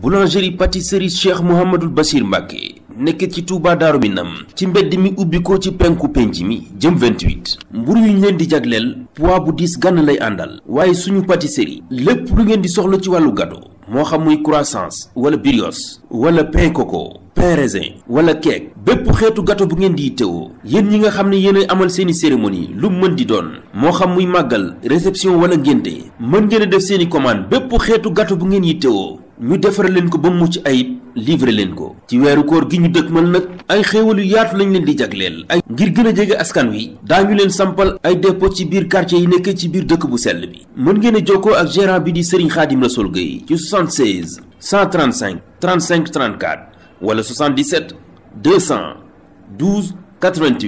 boulangerie pâtisserie cheikh Mouhamadul Bachir Mbacke nekk ci Touba Daaru Minam ci mbedd mi ubbi ko ci penku penc mi jëm 28 mburu yu ñu leen di jagleel poids bu diis gànn lay àndal waaye suñu pâtisserie lépp lu ngeen di soxla ci wàllu gato moo xam muy croissants wala brioche wala pain coco pain raisin wala cake bépp xeetu gato bu ngeen di teewoo yéen ñi nga xam ne yéenay amal seeni cérémonie lu mën di doon moo xam muy màggal réception wala ngénte mën ngeen a def seeni commande bépp xeetu gâteau bu ngeen yi teewoo ñu defare leen ko ba mu mucc ayib livré leen ko ci weeru koor gi ñu dëkkmal nag ay xéewal yu yaatu lañ leen di jagleel ay ngir gën a jege askan wi daañu leen sampal ay dépôt ci biir quartier yi nekkee ci biir dëkk bu sell bi mën ngeen a jokkoo ak gérant bi di Serigne Khadim Rassoul Gueye ci 76 135 35 34 wala 77 200 12 88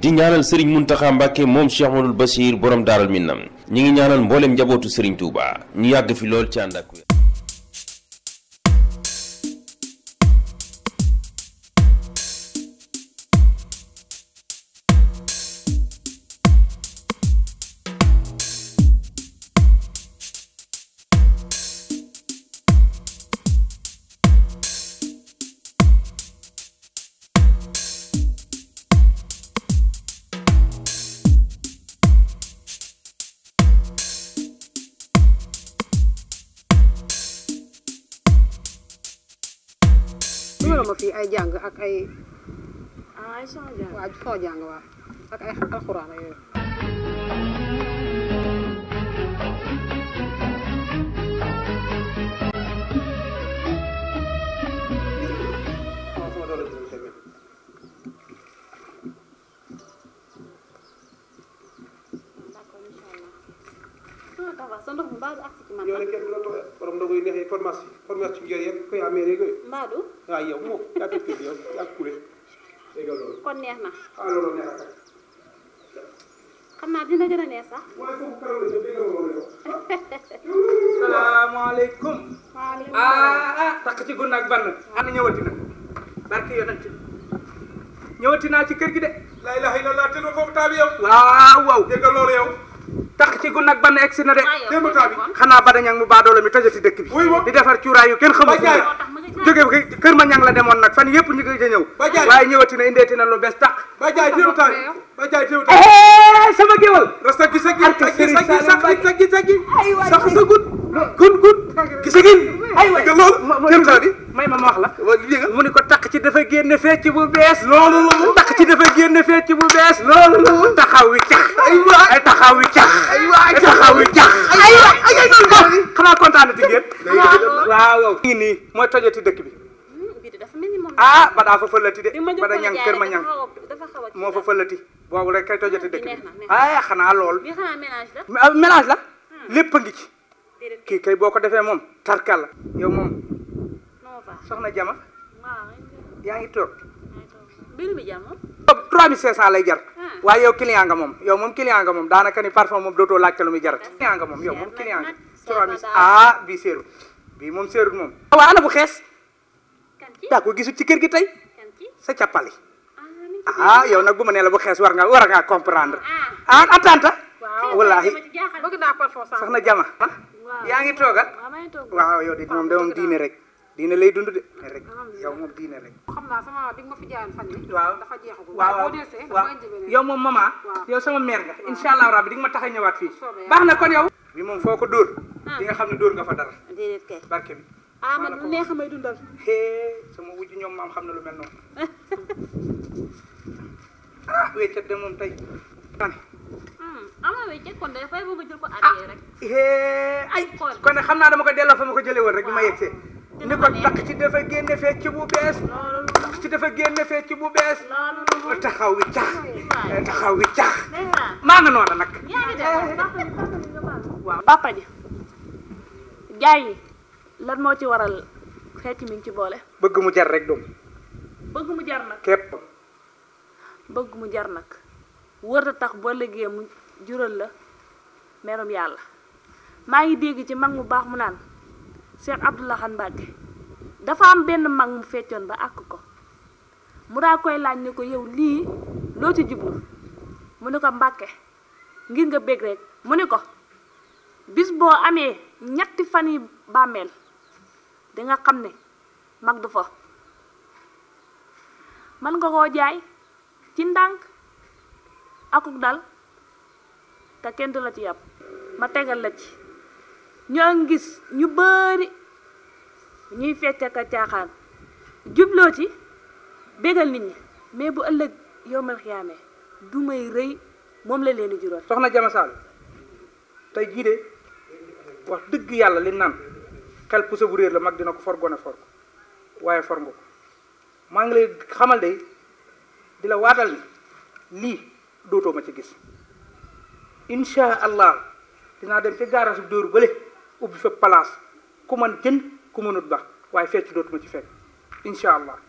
di ñaanal Serigne Mountakha Mbacke moom Cheikh Madoul Bachir borom daaral minnam ñi ngi ñaanal mboolem njabootu Serigne Touba ñu yàgg fi lool ci ànd ma fii ay jàng ak ay. ah ay soo jàng waaw soo jàng waaw ak ay alxuraan yooyu. nga defee formation ah, kon neex na. ah naa dina gën a neex sax. waaye foofu keroog la dégg nga loolu yow. salaamaaleykum. waaleykum ah ah na. barke naa ci kër gi de. la ilaha illallah te foofu taa bi yow. waaw waaw dégg tax ci gu nag ban si na de xanaa ba dañang mu baadoola mi tojati dëkk bi di defar cuuraay yu kenn xamul jóge bi kër ma ñang la demoon nag fan yëpp ñu ngi ñëw waaye ñëwati na indeeti na lu bees tax ba jaay déew taal ba jaay déew taal sama géwal rasta gi sagi sagi sagi sagi sagi sax sa gut gut gut gi sagi ay way loolu déew taal bi may ma ma wax la mu ne ko tax ci dafa génn fecc bu bees loolu loolu ci dafa génn fecc bu bees. loolu la taxaw wi cax. ay taxaw wi cax. ay taxaw wi cax. aywa aywa loolu baax na xanaa kontaan na ci ngeen. waaw waaw. ngi nii mooy tojati dëkk bi. Hmm, ah ba daa fa fëlati de ba da ñang moo fa fëlati boobu ay ah, xanaa lool mélange la ah, hmm. lépp a ngi ci kii boo ko defee moom tarkal la yow moom yaa ngi toog mbir mi jàmm. trois mille cinq lay jar. Ah. waaye yow client nga moom yow moom client nga moom daanaka ni parfum moom dootoo laajte lu muy jarat. client nga moom yow moom client nga. trois ah bii séeru bii moom séeru moom. waaw ana bu xees. daa ko gisul ci kër gi tey. sa cappali. ah, ah yow nag bu ma nee la bu xees war nga war ngaa comprendre. ah, ah attanta. wallaahi bëgg naa parfum sax na jama. yaa ngi toogal. waaw yow de moom de moom diine rek. diine lay dund de. rek yow moom diine rek. xam naa sama bi nga fi jaayoon fan yi. waaw dafa jeexagul. waaw waaw yow moom maman. yow sama mère nga. waaw incha allah rabbi di nga ma tax a ñëwaat fii. baax na kon yow. bi moom foo ko dóor. Ah. di nga xam ne dóor nga fa dara. déedéet kay barke bi. ah sama wujj ñoom xam na lu mel noonu. ah wéccet de moom hmm, kon a bëgg jël ko arrière ah. xam naa dama ko delloo fa ma ko jëlee woon rek bi ma yegsee. ni ko takk ci dafa génne fecc bu bees takk ci bu bees taxaw wi cax taxaw wi cax maa nag waaw papa ji gaa yi lan moo ci waral fecc mi ngi ci boole bëgg mu jar rek doom bëgg mu jar nag képp bëgg mu jar nag wërta tax boo liggéey mu jural la merum yàlla maa ngi dégg ci mag mu baax mu naan Cheikh Abdou Lahad Mbacké dafa am benn mag mu feccoon ba àkk ko mu daa koy laaj ne ko yow lii loo ci jublu mu ne ko Mbacké ngir nga bég rek mu ne ko bis boo amee ñetti fan yi bàmmeel di xam ne mag du fa mën nga koo jaay ci ndànk akuk dal te kenn du la ci yàpp ma tegal la ci ñoo ngi gis ñu bëri ñuy fecc ak a caaxaan jubloo ci bégal nit ñi mais bu ëllëg yow mal xiyaamee du may rëy moom la leen di jural. soxna Jama Sall tey jii de wax dëgg yàlla li naan xel puso bu réer la mag dina ko for gone for ko waaye for nga ko maa ngi lay xamal de di la waatal ni lii dootoo ma ci gis incha allah dinaa dem ci garage bu dóor bële. ubbi fa place ku man jël ku mënut ba waaye fecc dootuma ci fekk incha allah